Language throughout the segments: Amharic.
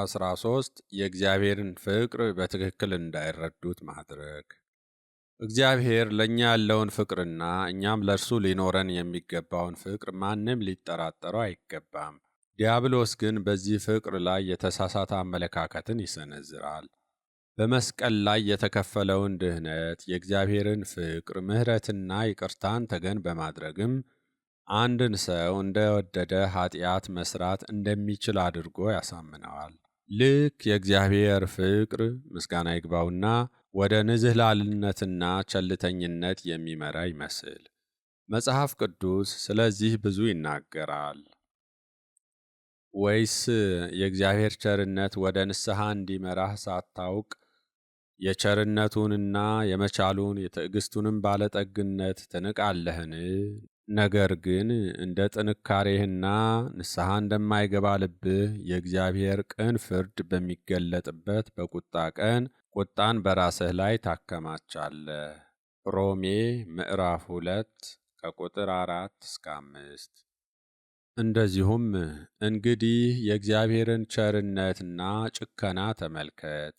13 የእግዚአብሔርን ፍቅር በትክክል እንዳይረዱት ማድረግ እግዚአብሔር ለእኛ ያለውን ፍቅርና እኛም ለእርሱ ሊኖረን የሚገባውን ፍቅር ማንም ሊጠራጠረው አይገባም። ዲያብሎስ ግን በዚህ ፍቅር ላይ የተሳሳተ አመለካከትን ይሰነዝራል። በመስቀል ላይ የተከፈለውን ድህነት፣ የእግዚአብሔርን ፍቅር፣ ምሕረትና ይቅርታን ተገን በማድረግም አንድን ሰው እንደወደደ ኃጢአት መስራት እንደሚችል አድርጎ ያሳምነዋል። ልክ የእግዚአብሔር ፍቅር ምስጋና ይግባውና ወደ ንዝህላልነትና ቸልተኝነት የሚመራ ይመስል መጽሐፍ ቅዱስ ስለዚህ ብዙ ይናገራል። ወይስ የእግዚአብሔር ቸርነት ወደ ንስሐ እንዲመራህ ሳታውቅ የቸርነቱንና የመቻሉን የትዕግስቱንም ባለጠግነት ትንቃለህን? ነገር ግን እንደ ጥንካሬህና ንስሐ እንደማይገባ ልብህ የእግዚአብሔር ቅን ፍርድ በሚገለጥበት በቁጣ ቀን ቁጣን በራስህ ላይ ታከማቻለህ። ሮሜ ምዕራፍ ሁለት ከቁጥር አራት እስከ አምስት እንደዚሁም እንግዲህ የእግዚአብሔርን ቸርነትና ጭከና ተመልከት።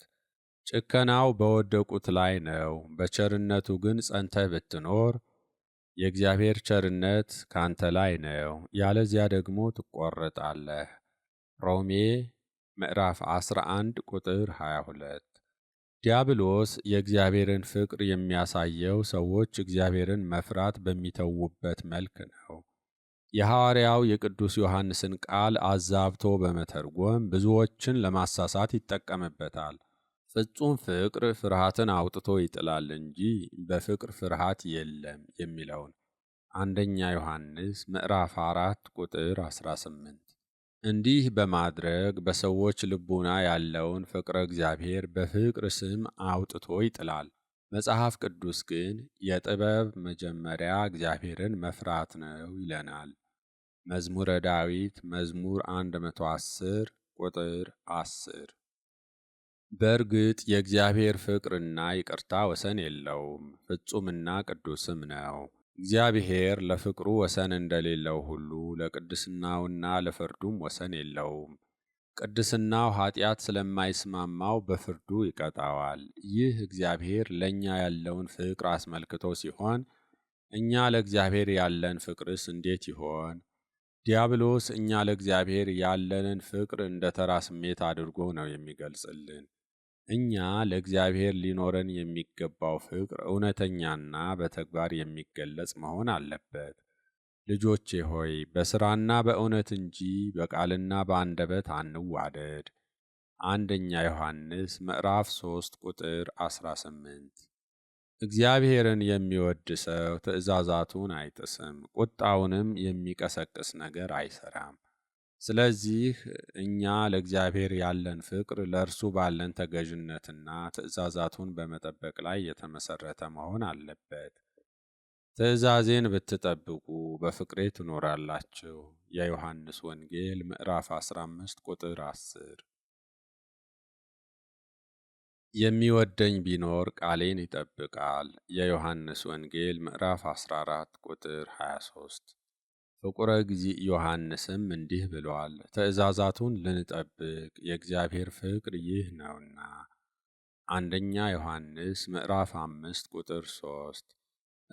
ጭከናው በወደቁት ላይ ነው። በቸርነቱ ግን ጸንተህ ብትኖር የእግዚአብሔር ቸርነት ካንተ ላይ ነው፣ ያለዚያ ደግሞ ትቆረጣለህ። ሮሜ ምዕራፍ 11 ቁጥር 22። ዲያብሎስ የእግዚአብሔርን ፍቅር የሚያሳየው ሰዎች እግዚአብሔርን መፍራት በሚተዉበት መልክ ነው። የሐዋርያው የቅዱስ ዮሐንስን ቃል አዛብቶ በመተርጎም ብዙዎችን ለማሳሳት ይጠቀምበታል። ፍጹም ፍቅር ፍርሃትን አውጥቶ ይጥላል እንጂ በፍቅር ፍርሃት የለም የሚለውን አንደኛ ዮሐንስ ምዕራፍ 4 ቁጥር 18 እንዲህ በማድረግ በሰዎች ልቡና ያለውን ፍቅረ እግዚአብሔር በፍቅር ስም አውጥቶ ይጥላል። መጽሐፍ ቅዱስ ግን የጥበብ መጀመሪያ እግዚአብሔርን መፍራት ነው ይለናል። መዝሙረ ዳዊት መዝሙር 110 ቁጥር 10 በእርግጥ የእግዚአብሔር ፍቅርና ይቅርታ ወሰን የለውም፣ ፍጹምና ቅዱስም ነው። እግዚአብሔር ለፍቅሩ ወሰን እንደሌለው ሁሉ ለቅድስናውና ለፍርዱም ወሰን የለውም። ቅድስናው ኃጢአት ስለማይስማማው በፍርዱ ይቀጣዋል። ይህ እግዚአብሔር ለእኛ ያለውን ፍቅር አስመልክቶ ሲሆን እኛ ለእግዚአብሔር ያለን ፍቅርስ እንዴት ይሆን? ዲያብሎስ እኛ ለእግዚአብሔር ያለንን ፍቅር እንደ ተራ ስሜት አድርጎ ነው የሚገልጽልን። እኛ ለእግዚአብሔር ሊኖረን የሚገባው ፍቅር እውነተኛና በተግባር የሚገለጽ መሆን አለበት። ልጆቼ ሆይ በሥራና በእውነት እንጂ በቃልና በአንደበት አንዋደድ። አንደኛ ዮሐንስ ምዕራፍ 3 ቁጥር 18። እግዚአብሔርን የሚወድ ሰው ትእዛዛቱን አይጥስም፣ ቁጣውንም የሚቀሰቅስ ነገር አይሰራም። ስለዚህ እኛ ለእግዚአብሔር ያለን ፍቅር ለእርሱ ባለን ተገዥነትና ትእዛዛቱን በመጠበቅ ላይ የተመሰረተ መሆን አለበት። ትእዛዜን ብትጠብቁ በፍቅሬ ትኖራላችሁ። የዮሐንስ ወንጌል ምዕራፍ 15 ቁጥር 10። የሚወደኝ ቢኖር ቃሌን ይጠብቃል። የዮሐንስ ወንጌል ምዕራፍ 14 ቁጥር 23 ፍቁረ ጊዜ ዮሐንስም እንዲህ ብለዋል፣ ትእዛዛቱን ልንጠብቅ የእግዚአብሔር ፍቅር ይህ ነውና። አንደኛ ዮሐንስ ምዕራፍ አምስት ቁጥር ሶስት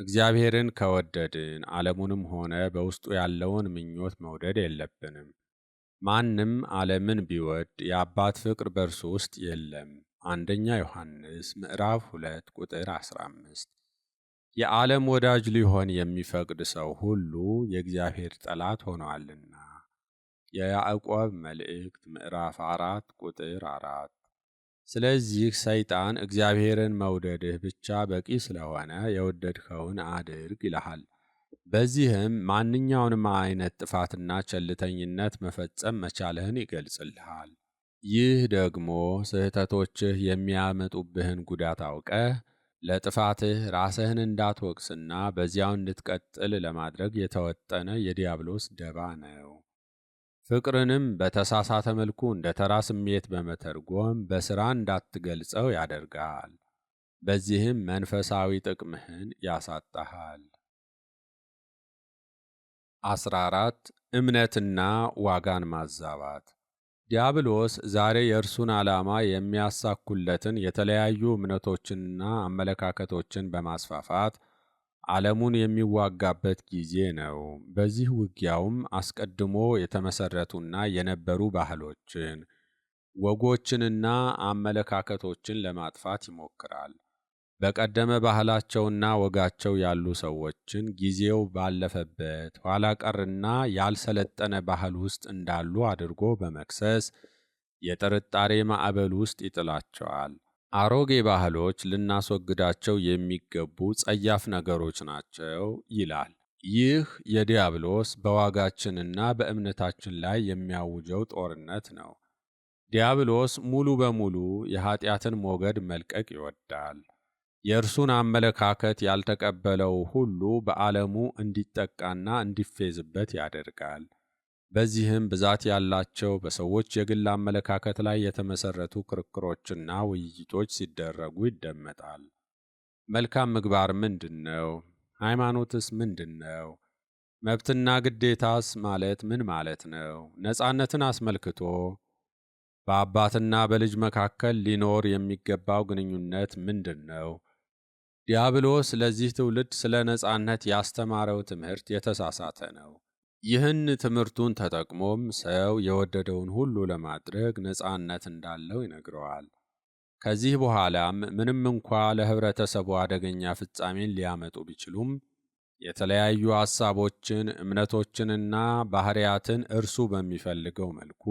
እግዚአብሔርን ከወደድን ዓለሙንም ሆነ በውስጡ ያለውን ምኞት መውደድ የለብንም። ማንም ዓለምን ቢወድ የአባት ፍቅር በእርሱ ውስጥ የለም። አንደኛ ዮሐንስ ምዕራፍ ሁለት ቁጥር አስራ አምስት የዓለም ወዳጅ ሊሆን የሚፈቅድ ሰው ሁሉ የእግዚአብሔር ጠላት ሆኗልና የያዕቆብ መልእክት ምዕራፍ አራት ቁጥር አራት ስለዚህ ሰይጣን እግዚአብሔርን መውደድህ ብቻ በቂ ስለሆነ የወደድከውን አድርግ ይልሃል። በዚህም ማንኛውንም አይነት ጥፋትና ቸልተኝነት መፈጸም መቻልህን ይገልጽልሃል። ይህ ደግሞ ስህተቶችህ የሚያመጡብህን ጉዳት አውቀህ ለጥፋትህ ራስህን እንዳትወቅስና በዚያው እንድትቀጥል ለማድረግ የተወጠነ የዲያብሎስ ደባ ነው። ፍቅርንም በተሳሳተ መልኩ እንደ ተራ ስሜት በመተርጎም በሥራ እንዳትገልጸው ያደርጋል። በዚህም መንፈሳዊ ጥቅምህን ያሳጣሃል። 14 እምነትና ዋጋን ማዛባት ዲያብሎስ ዛሬ የእርሱን ዓላማ የሚያሳኩለትን የተለያዩ እምነቶችንና አመለካከቶችን በማስፋፋት ዓለሙን የሚዋጋበት ጊዜ ነው። በዚህ ውጊያውም አስቀድሞ የተመሰረቱና የነበሩ ባህሎችን፣ ወጎችንና አመለካከቶችን ለማጥፋት ይሞክራል። በቀደመ ባህላቸውና ወጋቸው ያሉ ሰዎችን ጊዜው ባለፈበት ኋላ ቀርና ያልሰለጠነ ባህል ውስጥ እንዳሉ አድርጎ በመክሰስ የጥርጣሬ ማዕበል ውስጥ ይጥላቸዋል። አሮጌ ባህሎች ልናስወግዳቸው የሚገቡ ጸያፍ ነገሮች ናቸው ይላል። ይህ የዲያብሎስ በዋጋችንና በእምነታችን ላይ የሚያውጀው ጦርነት ነው። ዲያብሎስ ሙሉ በሙሉ የኃጢአትን ሞገድ መልቀቅ ይወዳል። የእርሱን አመለካከት ያልተቀበለው ሁሉ በዓለሙ እንዲጠቃና እንዲፌዝበት ያደርጋል። በዚህም ብዛት ያላቸው በሰዎች የግል አመለካከት ላይ የተመሰረቱ ክርክሮችና ውይይቶች ሲደረጉ ይደመጣል። መልካም ምግባር ምንድን ነው? ሃይማኖትስ ምንድን ነው? መብትና ግዴታስ ማለት ምን ማለት ነው? ነፃነትን አስመልክቶ በአባትና በልጅ መካከል ሊኖር የሚገባው ግንኙነት ምንድን ነው? ዲያብሎስ ለዚህ ትውልድ ስለ ነፃነት ያስተማረው ትምህርት የተሳሳተ ነው። ይህን ትምህርቱን ተጠቅሞም ሰው የወደደውን ሁሉ ለማድረግ ነፃነት እንዳለው ይነግረዋል። ከዚህ በኋላም ምንም እንኳ ለኅብረተሰቡ አደገኛ ፍጻሜን ሊያመጡ ቢችሉም የተለያዩ ሐሳቦችን፣ እምነቶችንና ባሕርያትን እርሱ በሚፈልገው መልኩ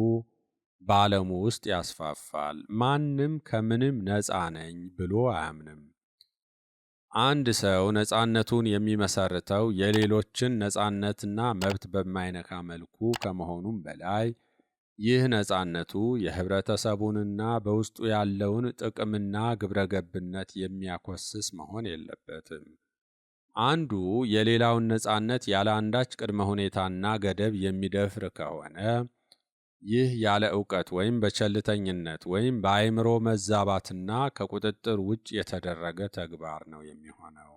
በዓለሙ ውስጥ ያስፋፋል። ማንም ከምንም ነፃ ነኝ ብሎ አያምንም። አንድ ሰው ነፃነቱን የሚመሰርተው የሌሎችን ነፃነትና መብት በማይነካ መልኩ ከመሆኑም በላይ ይህ ነፃነቱ የህብረተሰቡንና በውስጡ ያለውን ጥቅምና ግብረገብነት የሚያኮስስ መሆን የለበትም። አንዱ የሌላውን ነፃነት ያለ አንዳች ቅድመ ሁኔታና ገደብ የሚደፍር ከሆነ ይህ ያለ እውቀት ወይም በቸልተኝነት ወይም በአእምሮ መዛባትና ከቁጥጥር ውጭ የተደረገ ተግባር ነው የሚሆነው።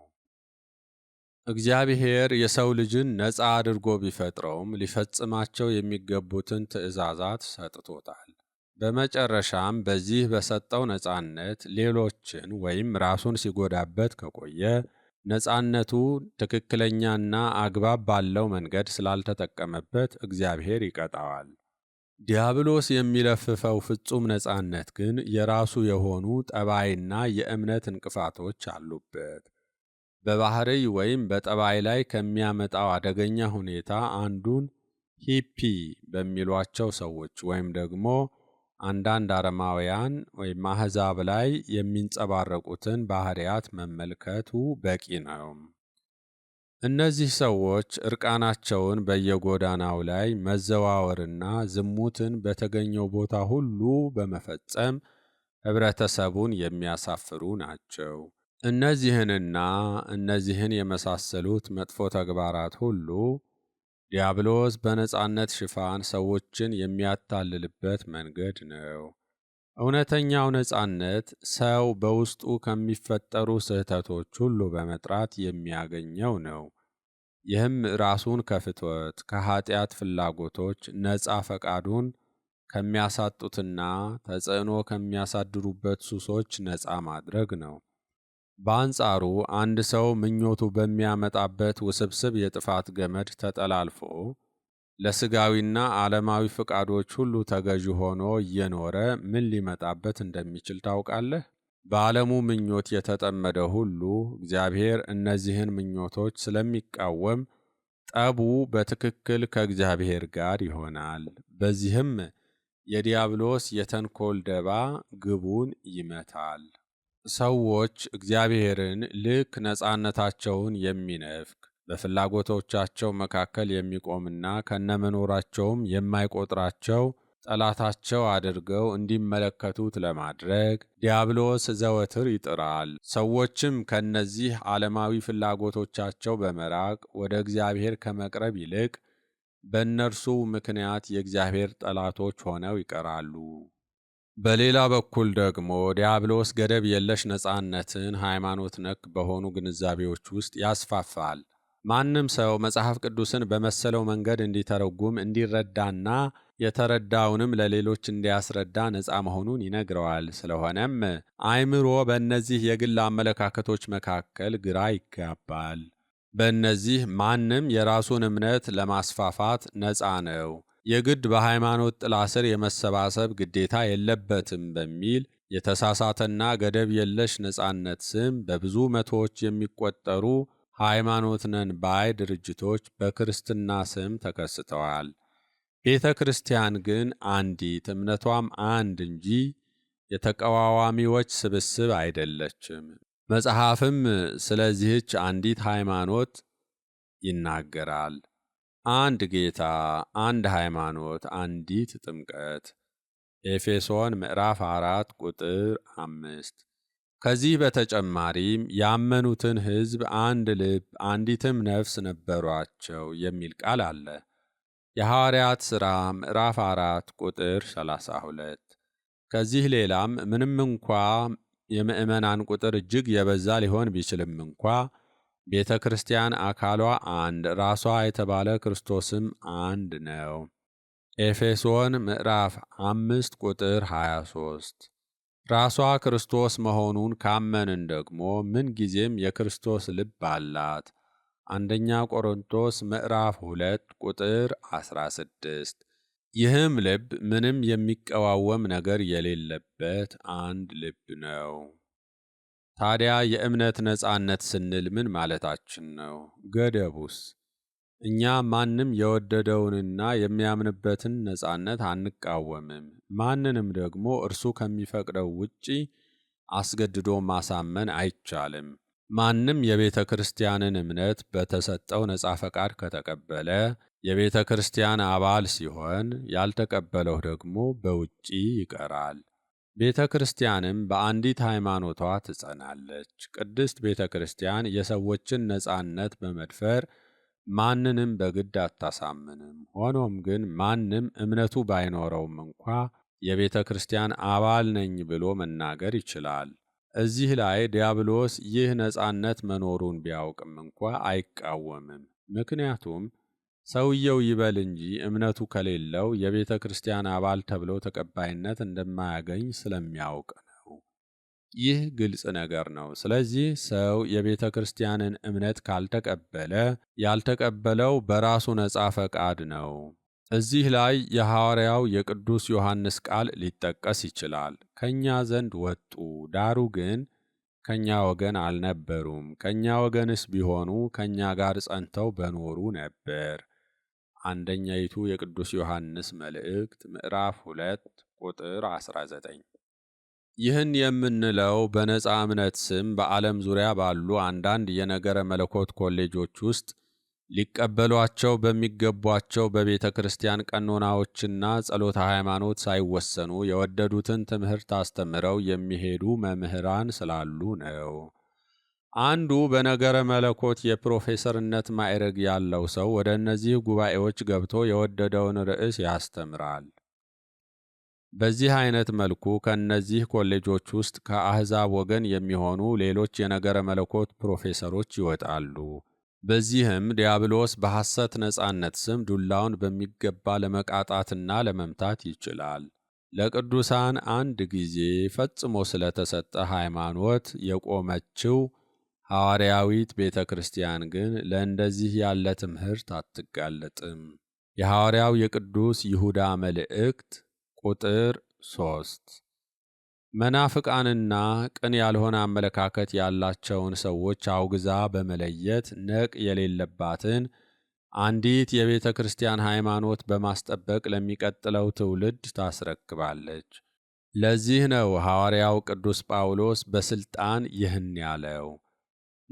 እግዚአብሔር የሰው ልጅን ነፃ አድርጎ ቢፈጥረውም ሊፈጽማቸው የሚገቡትን ትእዛዛት ሰጥቶታል። በመጨረሻም በዚህ በሰጠው ነፃነት ሌሎችን ወይም ራሱን ሲጎዳበት ከቆየ ነፃነቱ ትክክለኛና አግባብ ባለው መንገድ ስላልተጠቀመበት እግዚአብሔር ይቀጣዋል። ዲያብሎስ የሚለፍፈው ፍጹም ነፃነት ግን የራሱ የሆኑ ጠባይና የእምነት እንቅፋቶች አሉበት። በባህርይ ወይም በጠባይ ላይ ከሚያመጣው አደገኛ ሁኔታ አንዱን ሂፒ በሚሏቸው ሰዎች ወይም ደግሞ አንዳንድ አረማውያን ወይም አሕዛብ ላይ የሚንጸባረቁትን ባህርያት መመልከቱ በቂ ነው። እነዚህ ሰዎች ዕርቃናቸውን በየጎዳናው ላይ መዘዋወርና ዝሙትን በተገኘው ቦታ ሁሉ በመፈጸም ኅብረተሰቡን የሚያሳፍሩ ናቸው። እነዚህንና እነዚህን የመሳሰሉት መጥፎ ተግባራት ሁሉ ዲያብሎስ በነፃነት ሽፋን ሰዎችን የሚያታልልበት መንገድ ነው። እውነተኛው ነጻነት ሰው በውስጡ ከሚፈጠሩ ስህተቶች ሁሉ በመጥራት የሚያገኘው ነው። ይህም ራሱን ከፍትወት፣ ከኃጢአት ፍላጎቶች ነፃ ፈቃዱን ከሚያሳጡትና ተጽዕኖ ከሚያሳድሩበት ሱሶች ነፃ ማድረግ ነው። በአንጻሩ አንድ ሰው ምኞቱ በሚያመጣበት ውስብስብ የጥፋት ገመድ ተጠላልፎ ለስጋዊና ዓለማዊ ፍቃዶች ሁሉ ተገዥ ሆኖ እየኖረ ምን ሊመጣበት እንደሚችል ታውቃለህ? በዓለሙ ምኞት የተጠመደ ሁሉ እግዚአብሔር እነዚህን ምኞቶች ስለሚቃወም ጠቡ በትክክል ከእግዚአብሔር ጋር ይሆናል። በዚህም የዲያብሎስ የተንኮል ደባ ግቡን ይመታል። ሰዎች እግዚአብሔርን ልክ ነፃነታቸውን የሚነፍግ በፍላጎቶቻቸው መካከል የሚቆምና ከነመኖራቸውም የማይቆጥራቸው ጠላታቸው አድርገው እንዲመለከቱት ለማድረግ ዲያብሎስ ዘወትር ይጥራል። ሰዎችም ከነዚህ ዓለማዊ ፍላጎቶቻቸው በመራቅ ወደ እግዚአብሔር ከመቅረብ ይልቅ በእነርሱ ምክንያት የእግዚአብሔር ጠላቶች ሆነው ይቀራሉ። በሌላ በኩል ደግሞ ዲያብሎስ ገደብ የለሽ ነፃነትን ሃይማኖት ነክ በሆኑ ግንዛቤዎች ውስጥ ያስፋፋል። ማንም ሰው መጽሐፍ ቅዱስን በመሰለው መንገድ እንዲተረጉም እንዲረዳና የተረዳውንም ለሌሎች እንዲያስረዳ ነፃ መሆኑን ይነግረዋል። ስለሆነም አእምሮ በእነዚህ የግል አመለካከቶች መካከል ግራ ይጋባል። በእነዚህ ማንም የራሱን እምነት ለማስፋፋት ነፃ ነው፣ የግድ በሃይማኖት ጥላ ስር የመሰባሰብ ግዴታ የለበትም በሚል የተሳሳተና ገደብ የለሽ ነፃነት ስም በብዙ መቶዎች የሚቆጠሩ ሃይማኖት ነን ባይ ድርጅቶች በክርስትና ስም ተከስተዋል። ቤተ ክርስቲያን ግን አንዲት እምነቷም አንድ እንጂ የተቃዋሚዎች ስብስብ አይደለችም። መጽሐፍም ስለዚህች አንዲት ሃይማኖት ይናገራል። አንድ ጌታ፣ አንድ ሃይማኖት፣ አንዲት ጥምቀት ኤፌሶን ምዕራፍ 4 ቁጥር 5። ከዚህ በተጨማሪም ያመኑትን ሕዝብ አንድ ልብ አንዲትም ነፍስ ነበሯቸው የሚል ቃል አለ። የሐዋርያት ሥራ ምዕራፍ አራት ቁጥር 32። ከዚህ ሌላም ምንም እንኳ የምዕመናን ቁጥር እጅግ የበዛ ሊሆን ቢችልም እንኳ ቤተ ክርስቲያን አካሏ አንድ ራሷ የተባለ ክርስቶስም አንድ ነው። ኤፌሶን ምዕራፍ አምስት ቁጥር 23 ራሷ ክርስቶስ መሆኑን ካመንን ደግሞ ምንጊዜም የክርስቶስ ልብ አላት። አንደኛ ቆሮንቶስ ምዕራፍ ሁለት ቁጥር 16። ይህም ልብ ምንም የሚቀዋወም ነገር የሌለበት አንድ ልብ ነው። ታዲያ የእምነት ነፃነት ስንል ምን ማለታችን ነው? ገደቡስ? እኛ ማንም የወደደውንና የሚያምንበትን ነጻነት አንቃወምም። ማንንም ደግሞ እርሱ ከሚፈቅደው ውጪ አስገድዶ ማሳመን አይቻልም። ማንም የቤተ ክርስቲያንን እምነት በተሰጠው ነጻ ፈቃድ ከተቀበለ የቤተ ክርስቲያን አባል ሲሆን፣ ያልተቀበለው ደግሞ በውጪ ይቀራል። ቤተ ክርስቲያንም በአንዲት ሃይማኖቷ ትጸናለች። ቅድስት ቤተ ክርስቲያን የሰዎችን ነጻነት በመድፈር ማንንም በግድ አታሳምንም። ሆኖም ግን ማንም እምነቱ ባይኖረውም እንኳ የቤተ ክርስቲያን አባል ነኝ ብሎ መናገር ይችላል። እዚህ ላይ ዲያብሎስ ይህ ነፃነት መኖሩን ቢያውቅም እንኳ አይቃወምም። ምክንያቱም ሰውየው ይበል እንጂ እምነቱ ከሌለው የቤተ ክርስቲያን አባል ተብሎ ተቀባይነት እንደማያገኝ ስለሚያውቅ ይህ ግልጽ ነገር ነው። ስለዚህ ሰው የቤተ ክርስቲያንን እምነት ካልተቀበለ ያልተቀበለው በራሱ ነፃ ፈቃድ ነው። እዚህ ላይ የሐዋርያው የቅዱስ ዮሐንስ ቃል ሊጠቀስ ይችላል። ከእኛ ዘንድ ወጡ፣ ዳሩ ግን ከእኛ ወገን አልነበሩም። ከእኛ ወገንስ ቢሆኑ ከእኛ ጋር ጸንተው በኖሩ ነበር። አንደኛይቱ የቅዱስ ዮሐንስ መልእክት ምዕራፍ 2 ቁጥር 19 ይህን የምንለው በነፃ እምነት ስም በዓለም ዙሪያ ባሉ አንዳንድ የነገረ መለኮት ኮሌጆች ውስጥ ሊቀበሏቸው በሚገቧቸው በቤተ ክርስቲያን ቀኖናዎችና ጸሎተ ሃይማኖት ሳይወሰኑ የወደዱትን ትምህርት አስተምረው የሚሄዱ መምህራን ስላሉ ነው። አንዱ በነገረ መለኮት የፕሮፌሰርነት ማዕረግ ያለው ሰው ወደ እነዚህ ጉባኤዎች ገብቶ የወደደውን ርዕስ ያስተምራል። በዚህ አይነት መልኩ ከእነዚህ ኮሌጆች ውስጥ ከአሕዛብ ወገን የሚሆኑ ሌሎች የነገረ መለኮት ፕሮፌሰሮች ይወጣሉ። በዚህም ዲያብሎስ በሐሰት ነጻነት ስም ዱላውን በሚገባ ለመቃጣትና ለመምታት ይችላል። ለቅዱሳን አንድ ጊዜ ፈጽሞ ስለተሰጠ ሃይማኖት የቆመችው ሐዋርያዊት ቤተ ክርስቲያን ግን ለእንደዚህ ያለ ትምህርት አትጋለጥም። የሐዋርያው የቅዱስ ይሁዳ መልእክት ቁጥር 3 መናፍቃንና ቅን ያልሆነ አመለካከት ያላቸውን ሰዎች አውግዛ በመለየት ነቅ የሌለባትን አንዲት የቤተ ክርስቲያን ሃይማኖት በማስጠበቅ ለሚቀጥለው ትውልድ ታስረክባለች። ለዚህ ነው ሐዋርያው ቅዱስ ጳውሎስ በሥልጣን ይህን ያለው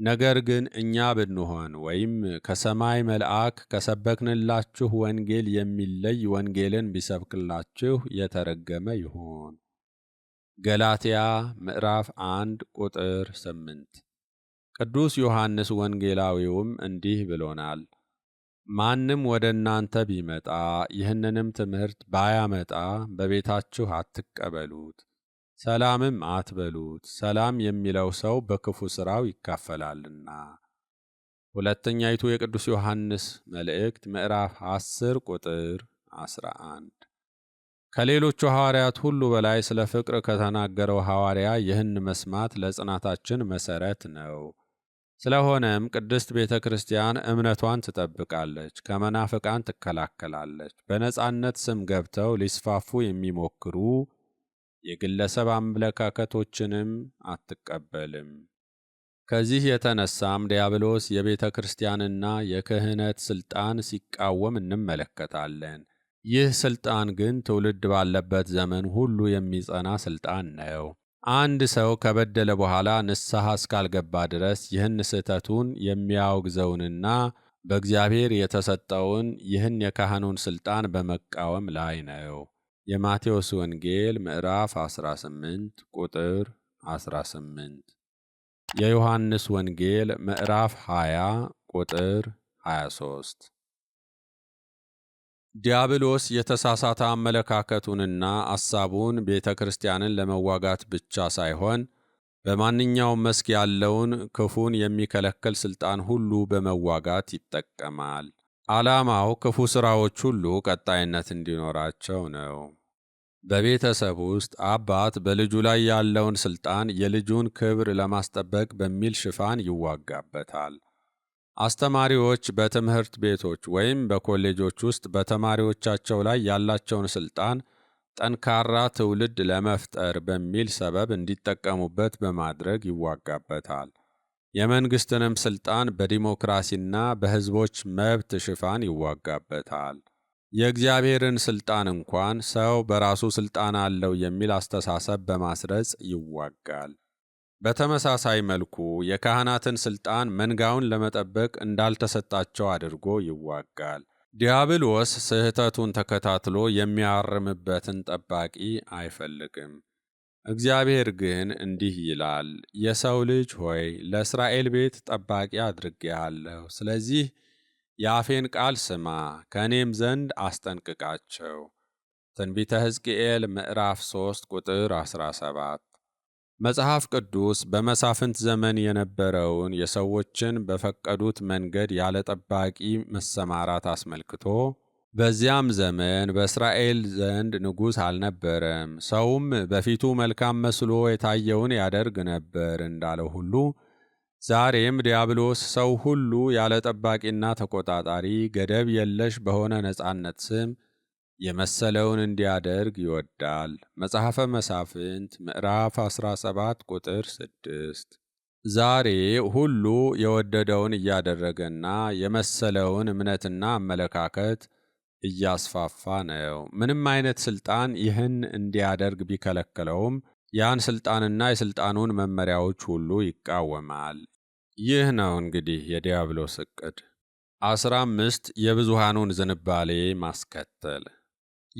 ነገር ግን እኛ ብንሆን ወይም ከሰማይ መልአክ ከሰበክንላችሁ ወንጌል የሚለይ ወንጌልን ቢሰብክላችሁ የተረገመ ይሁን። ገላትያ ምዕራፍ አንድ ቁጥር ስምንት ቅዱስ ዮሐንስ ወንጌላዊውም እንዲህ ብሎናል። ማንም ወደ እናንተ ቢመጣ ይህንንም ትምህርት ባያመጣ በቤታችሁ አትቀበሉት ሰላምም አትበሉት፣ ሰላም የሚለው ሰው በክፉ ሥራው ይካፈላልና። ሁለተኛይቱ የቅዱስ ዮሐንስ መልእክት ምዕራፍ 10 ቁጥር 11 ከሌሎቹ ሐዋርያት ሁሉ በላይ ስለ ፍቅር ከተናገረው ሐዋርያ ይህን መስማት ለጽናታችን መሠረት ነው። ስለሆነም ቅድስት ቤተ ክርስቲያን እምነቷን ትጠብቃለች፣ ከመናፍቃን ትከላከላለች። በነጻነት ስም ገብተው ሊስፋፉ የሚሞክሩ የግለሰብ አመለካከቶችንም አትቀበልም። ከዚህ የተነሳም ዲያብሎስ የቤተ ክርስቲያንና የክህነት ሥልጣን ሲቃወም እንመለከታለን። ይህ ሥልጣን ግን ትውልድ ባለበት ዘመን ሁሉ የሚጸና ሥልጣን ነው። አንድ ሰው ከበደለ በኋላ ንስሐ እስካልገባ ድረስ ይህን ስህተቱን የሚያወግዘውንና በእግዚአብሔር የተሰጠውን ይህን የካህኑን ሥልጣን በመቃወም ላይ ነው። የማቴዎስ ወንጌል ምዕራፍ 18 ቁጥር 18 የዮሐንስ ወንጌል ምዕራፍ 20 ቁጥር 23 ዲያብሎስ የተሳሳተ አመለካከቱንና አሳቡን ቤተ ክርስቲያንን ለመዋጋት ብቻ ሳይሆን በማንኛውም መስክ ያለውን ክፉን የሚከለክል ሥልጣን ሁሉ በመዋጋት ይጠቀማል። ዓላማው ክፉ ሥራዎች ሁሉ ቀጣይነት እንዲኖራቸው ነው። በቤተሰብ ውስጥ አባት በልጁ ላይ ያለውን ሥልጣን የልጁን ክብር ለማስጠበቅ በሚል ሽፋን ይዋጋበታል። አስተማሪዎች በትምህርት ቤቶች ወይም በኮሌጆች ውስጥ በተማሪዎቻቸው ላይ ያላቸውን ሥልጣን ጠንካራ ትውልድ ለመፍጠር በሚል ሰበብ እንዲጠቀሙበት በማድረግ ይዋጋበታል። የመንግሥትንም ሥልጣን በዲሞክራሲና በሕዝቦች መብት ሽፋን ይዋጋበታል። የእግዚአብሔርን ሥልጣን እንኳን ሰው በራሱ ሥልጣን አለው የሚል አስተሳሰብ በማስረጽ ይዋጋል። በተመሳሳይ መልኩ የካህናትን ሥልጣን መንጋውን ለመጠበቅ እንዳልተሰጣቸው አድርጎ ይዋጋል። ዲያብሎስ ስህተቱን ተከታትሎ የሚያርምበትን ጠባቂ አይፈልግም። እግዚአብሔር ግን እንዲህ ይላል፣ የሰው ልጅ ሆይ ለእስራኤል ቤት ጠባቂ አድርጌሃለሁ። ስለዚህ የአፌን ቃል ስማ፣ ከእኔም ዘንድ አስጠንቅቃቸው። ትንቢተ ሕዝቅኤል ምዕራፍ 3 ቁጥር 17። መጽሐፍ ቅዱስ በመሳፍንት ዘመን የነበረውን የሰዎችን በፈቀዱት መንገድ ያለ ጠባቂ መሰማራት አስመልክቶ በዚያም ዘመን በእስራኤል ዘንድ ንጉሥ አልነበረም። ሰውም በፊቱ መልካም መስሎ የታየውን ያደርግ ነበር እንዳለው ሁሉ ዛሬም ዲያብሎስ ሰው ሁሉ ያለ ጠባቂና ተቆጣጣሪ ገደብ የለሽ በሆነ ነጻነት ስም የመሰለውን እንዲያደርግ ይወዳል። መጽሐፈ መሳፍንት ምዕራፍ 17 ቁጥር 6 ዛሬ ሁሉ የወደደውን እያደረገና የመሰለውን እምነትና አመለካከት እያስፋፋ ነው። ምንም አይነት ስልጣን ይህን እንዲያደርግ ቢከለክለውም ያን ስልጣንና የስልጣኑን መመሪያዎች ሁሉ ይቃወማል። ይህ ነው እንግዲህ የዲያብሎስ እቅድ። አስራ አምስት የብዙሃኑን ዝንባሌ ማስከተል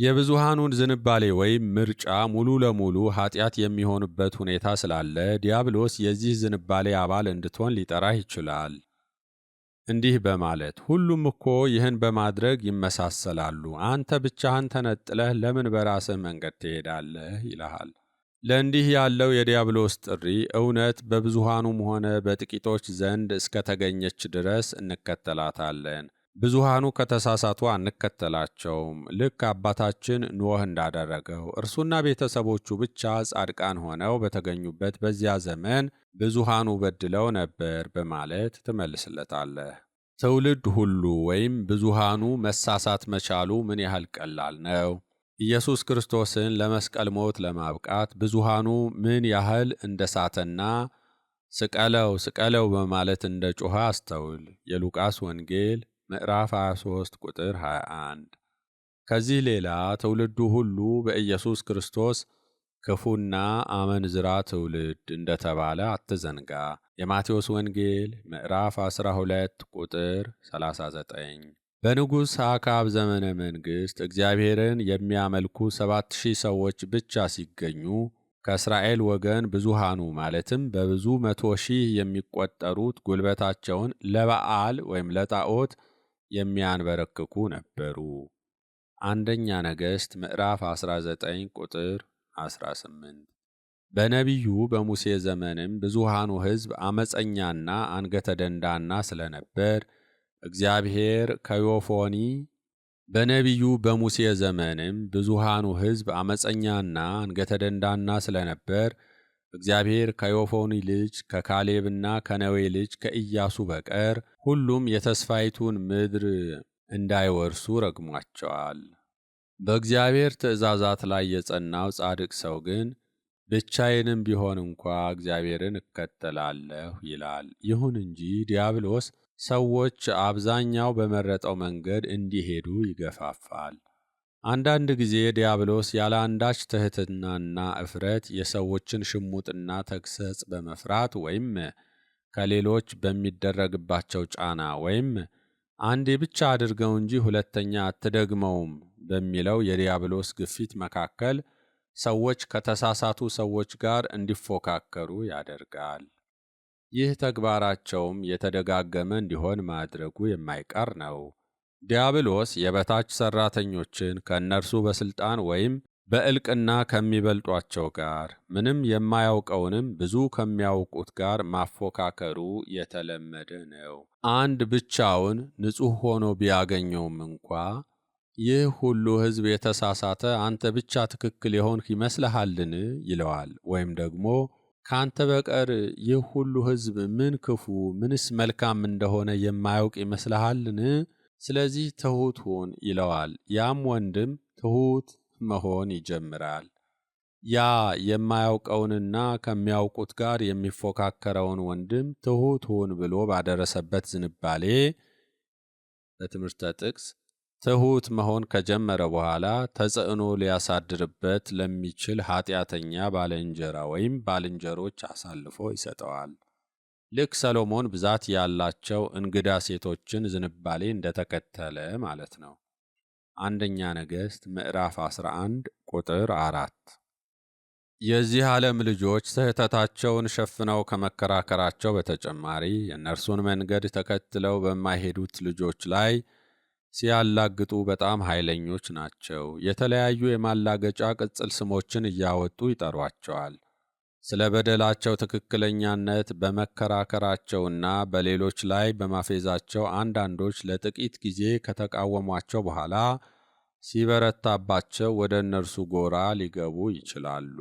የብዙሃኑን ዝንባሌ ወይም ምርጫ ሙሉ ለሙሉ ኃጢአት የሚሆንበት ሁኔታ ስላለ ዲያብሎስ የዚህ ዝንባሌ አባል እንድትሆን ሊጠራህ ይችላል። እንዲህ በማለት ሁሉም እኮ ይህን በማድረግ ይመሳሰላሉ፣ አንተ ብቻህን ተነጥለህ ለምን በራስህ መንገድ ትሄዳለህ? ይልሃል። ለእንዲህ ያለው የዲያብሎስ ጥሪ እውነት በብዙሃኑም ሆነ በጥቂቶች ዘንድ እስከ ተገኘች ድረስ እንከተላታለን። ብዙሃኑ ከተሳሳቱ አንከተላቸውም። ልክ አባታችን ኖህ እንዳደረገው እርሱና ቤተሰቦቹ ብቻ ጻድቃን ሆነው በተገኙበት በዚያ ዘመን ብዙሃኑ በድለው ነበር በማለት ትመልስለታለህ። ትውልድ ሁሉ ወይም ብዙሃኑ መሳሳት መቻሉ ምን ያህል ቀላል ነው? ኢየሱስ ክርስቶስን ለመስቀል ሞት ለማብቃት ብዙሃኑ ምን ያህል እንደሳተና ስቀለው ስቀለው በማለት እንደ ጮኸ አስተውል። የሉቃስ ወንጌል ምዕራፍ 23 ቁጥር 21። ከዚህ ሌላ ትውልዱ ሁሉ በኢየሱስ ክርስቶስ ክፉና አመንዝራ ትውልድ እንደተባለ አትዘንጋ። የማቴዎስ ወንጌል ምዕራፍ 12 ቁጥር 39። በንጉሥ አካብ ዘመነ መንግሥት እግዚአብሔርን የሚያመልኩ ሰባት ሺህ ሰዎች ብቻ ሲገኙ ከእስራኤል ወገን ብዙሃኑ ማለትም በብዙ መቶ ሺህ የሚቆጠሩት ጉልበታቸውን ለበዓል ወይም ለጣዖት የሚያንበረክኩ ነበሩ። አንደኛ ነገሥት ምዕራፍ 19 ቁጥር 18። በነቢዩ በሙሴ ዘመንም ብዙሃኑ ሕዝብ አመፀኛና አንገተ ደንዳና ስለነበር እግዚአብሔር ከዮፎኒ በነቢዩ በሙሴ ዘመንም ብዙሃኑ ሕዝብ አመፀኛና አንገተ ደንዳና ስለነበር እግዚአብሔር ከዮፎኒ ልጅ ከካሌብና ከነዌ ልጅ ከኢያሱ በቀር ሁሉም የተስፋይቱን ምድር እንዳይወርሱ ረግሟቸዋል። በእግዚአብሔር ትእዛዛት ላይ የጸናው ጻድቅ ሰው ግን ብቻዬንም ቢሆን እንኳ እግዚአብሔርን እከተላለሁ ይላል። ይሁን እንጂ ዲያብሎስ ሰዎች አብዛኛው በመረጠው መንገድ እንዲሄዱ ይገፋፋል። አንዳንድ ጊዜ ዲያብሎስ ያለ አንዳች ትሕትናና እፍረት የሰዎችን ሽሙጥና ተግሰጽ በመፍራት ወይም ከሌሎች በሚደረግባቸው ጫና ወይም አንዴ ብቻ አድርገው እንጂ ሁለተኛ አትደግመውም በሚለው የዲያብሎስ ግፊት መካከል ሰዎች ከተሳሳቱ ሰዎች ጋር እንዲፎካከሩ ያደርጋል። ይህ ተግባራቸውም የተደጋገመ እንዲሆን ማድረጉ የማይቀር ነው። ዲያብሎስ የበታች ሠራተኞችን ከእነርሱ በሥልጣን ወይም በዕልቅና ከሚበልጧቸው ጋር ምንም የማያውቀውንም ብዙ ከሚያውቁት ጋር ማፎካከሩ የተለመደ ነው። አንድ ብቻውን ንጹሕ ሆኖ ቢያገኘውም እንኳ ይህ ሁሉ ሕዝብ የተሳሳተ አንተ ብቻ ትክክል የሆንህ ይመስልሃልን? ይለዋል። ወይም ደግሞ ከአንተ በቀር ይህ ሁሉ ሕዝብ ምን ክፉ ምንስ መልካም እንደሆነ የማያውቅ ይመስልሃልን? ስለዚህ ትሑት ሁን ይለዋል። ያም ወንድም ትሑት መሆን ይጀምራል። ያ የማያውቀውንና ከሚያውቁት ጋር የሚፎካከረውን ወንድም ትሑት ሁን ብሎ ባደረሰበት ዝንባሌ በትምህርተ ጥቅስ ትሑት መሆን ከጀመረ በኋላ ተጽዕኖ ሊያሳድርበት ለሚችል ኃጢአተኛ ባልንጀራ ወይም ባልንጀሮች አሳልፎ ይሰጠዋል። ልክ ሰሎሞን ብዛት ያላቸው እንግዳ ሴቶችን ዝንባሌ እንደተከተለ ማለት ነው። አንደኛ ነገሥት ምዕራፍ 11 ቁጥር 4 የዚህ ዓለም ልጆች ስህተታቸውን ሸፍነው ከመከራከራቸው በተጨማሪ የእነርሱን መንገድ ተከትለው በማይሄዱት ልጆች ላይ ሲያላግጡ በጣም ኃይለኞች ናቸው። የተለያዩ የማላገጫ ቅጽል ስሞችን እያወጡ ይጠሯቸዋል። ስለ በደላቸው ትክክለኛነት በመከራከራቸውና በሌሎች ላይ በማፌዛቸው አንዳንዶች ለጥቂት ጊዜ ከተቃወሟቸው በኋላ ሲበረታባቸው ወደ እነርሱ ጎራ ሊገቡ ይችላሉ።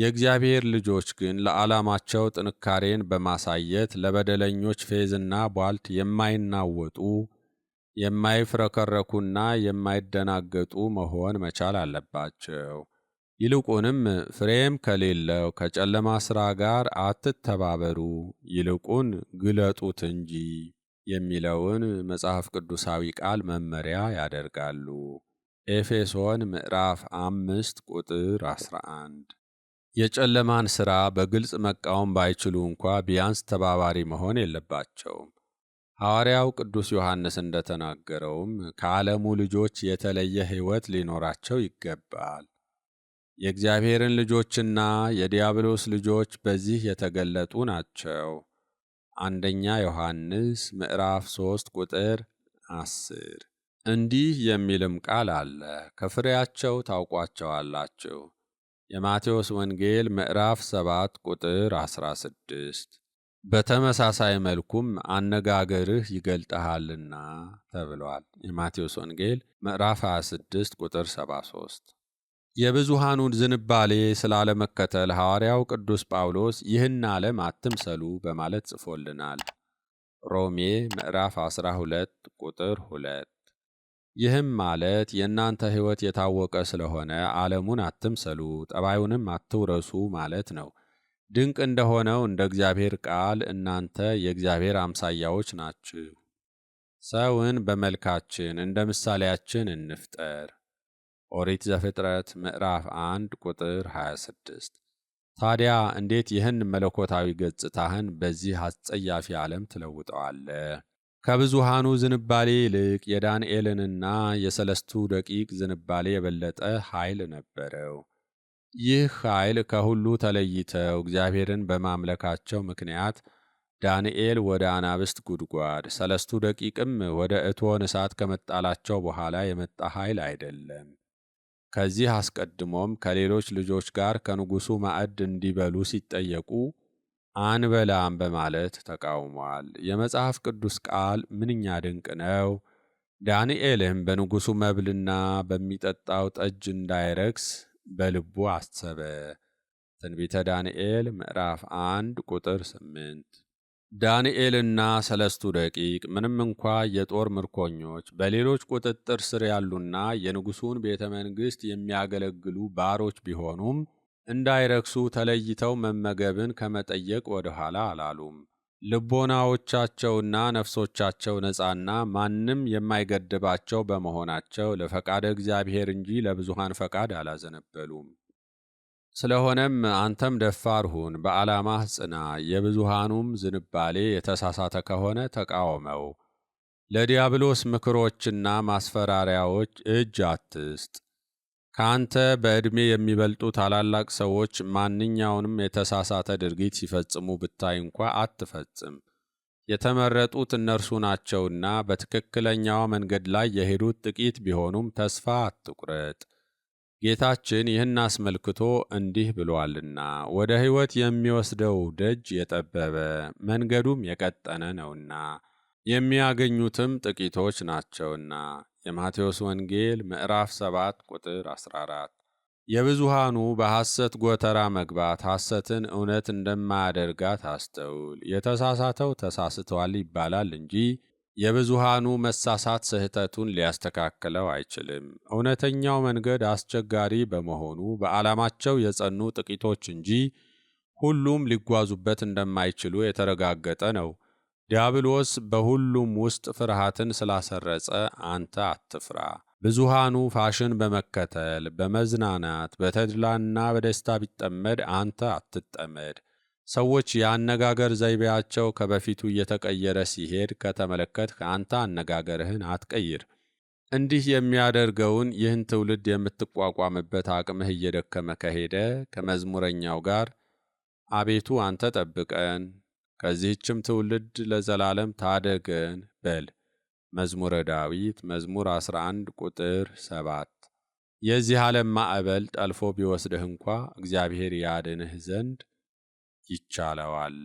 የእግዚአብሔር ልጆች ግን ለዓላማቸው ጥንካሬን በማሳየት ለበደለኞች ፌዝና ቧልት የማይናወጡ የማይፍረከረኩና የማይደናገጡ መሆን መቻል አለባቸው። ይልቁንም ፍሬም ከሌለው ከጨለማ ሥራ ጋር አትተባበሩ፣ ይልቁን ግለጡት እንጂ የሚለውን መጽሐፍ ቅዱሳዊ ቃል መመሪያ ያደርጋሉ። ኤፌሶን ምዕራፍ አምስት ቁጥር 11 የጨለማን ሥራ በግልጽ መቃወም ባይችሉ እንኳ ቢያንስ ተባባሪ መሆን የለባቸውም። ሐዋርያው ቅዱስ ዮሐንስ እንደተናገረውም ከዓለሙ ልጆች የተለየ ሕይወት ሊኖራቸው ይገባል። የእግዚአብሔርን ልጆችና የዲያብሎስ ልጆች በዚህ የተገለጡ ናቸው። አንደኛ ዮሐንስ ምዕራፍ 3 ቁጥር 10። እንዲህ የሚልም ቃል አለ፣ ከፍሬያቸው ታውቋቸዋላችሁ። የማቴዎስ ወንጌል ምዕራፍ 7 ቁጥር 16። በተመሳሳይ መልኩም አነጋገርህ ይገልጠሃልና ተብሏል። የማቴዎስ ወንጌል ምዕራፍ 26 ቁጥር 73 የብዙሃኑን ዝንባሌ ስላለመከተል ሐዋርያው ቅዱስ ጳውሎስ ይህን ዓለም አትምሰሉ በማለት ጽፎልናል። ሮሜ ምዕራፍ 12 ቁጥር 2። ይህም ማለት የእናንተ ሕይወት የታወቀ ስለሆነ ዓለሙን አትምሰሉ፣ ጠባዩንም አትውረሱ ማለት ነው። ድንቅ እንደሆነው እንደ እግዚአብሔር ቃል እናንተ የእግዚአብሔር አምሳያዎች ናችሁ። ሰውን በመልካችን እንደ ምሳሌያችን እንፍጠር። ኦሪት ዘፍጥረት ምዕራፍ 1 ቁጥር 26። ታዲያ እንዴት ይህን መለኮታዊ ገጽታህን በዚህ አስጸያፊ ዓለም ትለውጠዋለህ? ከብዙሃኑ ዝንባሌ ይልቅ የዳንኤልንና የሰለስቱ ደቂቅ ዝንባሌ የበለጠ ኃይል ነበረው። ይህ ኃይል ከሁሉ ተለይተው እግዚአብሔርን በማምለካቸው ምክንያት ዳንኤል ወደ አናብስት ጉድጓድ፣ ሰለስቱ ደቂቅም ወደ እቶን እሳት ከመጣላቸው በኋላ የመጣ ኃይል አይደለም። ከዚህ አስቀድሞም ከሌሎች ልጆች ጋር ከንጉሡ ማዕድ እንዲበሉ ሲጠየቁ አንበላም በማለት ተቃውሟል። የመጽሐፍ ቅዱስ ቃል ምንኛ ድንቅ ነው! ዳንኤልም በንጉሡ መብልና በሚጠጣው ጠጅ እንዳይረክስ በልቡ አሰበ። ትንቢተ ዳንኤል ምዕራፍ 1 ቁጥር 8 ዳንኤልና ሰለስቱ ደቂቅ ምንም እንኳ የጦር ምርኮኞች በሌሎች ቁጥጥር ስር ያሉና የንጉሡን ቤተ መንግሥት የሚያገለግሉ ባሮች ቢሆኑም እንዳይረክሱ ተለይተው መመገብን ከመጠየቅ ወደ ኋላ አላሉም። ልቦናዎቻቸውና ነፍሶቻቸው ነፃና ማንም የማይገድባቸው በመሆናቸው ለፈቃደ እግዚአብሔር እንጂ ለብዙሃን ፈቃድ አላዘነበሉም። ስለሆነም አንተም ደፋር ሁን፣ በዓላማህ ጽና። የብዙሃኑም ዝንባሌ የተሳሳተ ከሆነ ተቃወመው። ለዲያብሎስ ምክሮችና ማስፈራሪያዎች እጅ አትስጥ። ከአንተ በዕድሜ የሚበልጡ ታላላቅ ሰዎች ማንኛውንም የተሳሳተ ድርጊት ሲፈጽሙ ብታይ እንኳ አትፈጽም። የተመረጡት እነርሱ ናቸውና በትክክለኛው መንገድ ላይ የሄዱት ጥቂት ቢሆኑም ተስፋ አትቁረጥ። ጌታችን ይህን አስመልክቶ እንዲህ ብሏልና ወደ ሕይወት የሚወስደው ደጅ የጠበበ መንገዱም የቀጠነ ነውና የሚያገኙትም ጥቂቶች ናቸውና። የማቴዎስ ወንጌል ምዕራፍ 7 ቁጥር 14። የብዙሃኑ በሐሰት ጎተራ መግባት ሐሰትን እውነት እንደማያደርጋት አስተውል። የተሳሳተው ተሳስተዋል ይባላል እንጂ የብዙሃኑ መሳሳት ስህተቱን ሊያስተካክለው አይችልም። እውነተኛው መንገድ አስቸጋሪ በመሆኑ በዓላማቸው የጸኑ ጥቂቶች እንጂ ሁሉም ሊጓዙበት እንደማይችሉ የተረጋገጠ ነው። ዲያብሎስ በሁሉም ውስጥ ፍርሃትን ስላሰረጸ አንተ አትፍራ። ብዙሃኑ ፋሽን በመከተል በመዝናናት በተድላና በደስታ ቢጠመድ አንተ አትጠመድ። ሰዎች የአነጋገር ዘይቤያቸው ከበፊቱ እየተቀየረ ሲሄድ ከተመለከት ከአንተ አነጋገርህን አትቀይር። እንዲህ የሚያደርገውን ይህን ትውልድ የምትቋቋምበት አቅምህ እየደከመ ከሄደ ከመዝሙረኛው ጋር አቤቱ አንተ ጠብቀን፣ ከዚህችም ትውልድ ለዘላለም ታደገን በል። መዝሙረ ዳዊት መዝሙር 11 ቁጥር 7 የዚህ ዓለም ማዕበል ጠልፎ ቢወስድህ እንኳ እግዚአብሔር ያድንህ ዘንድ ይቻለዋል።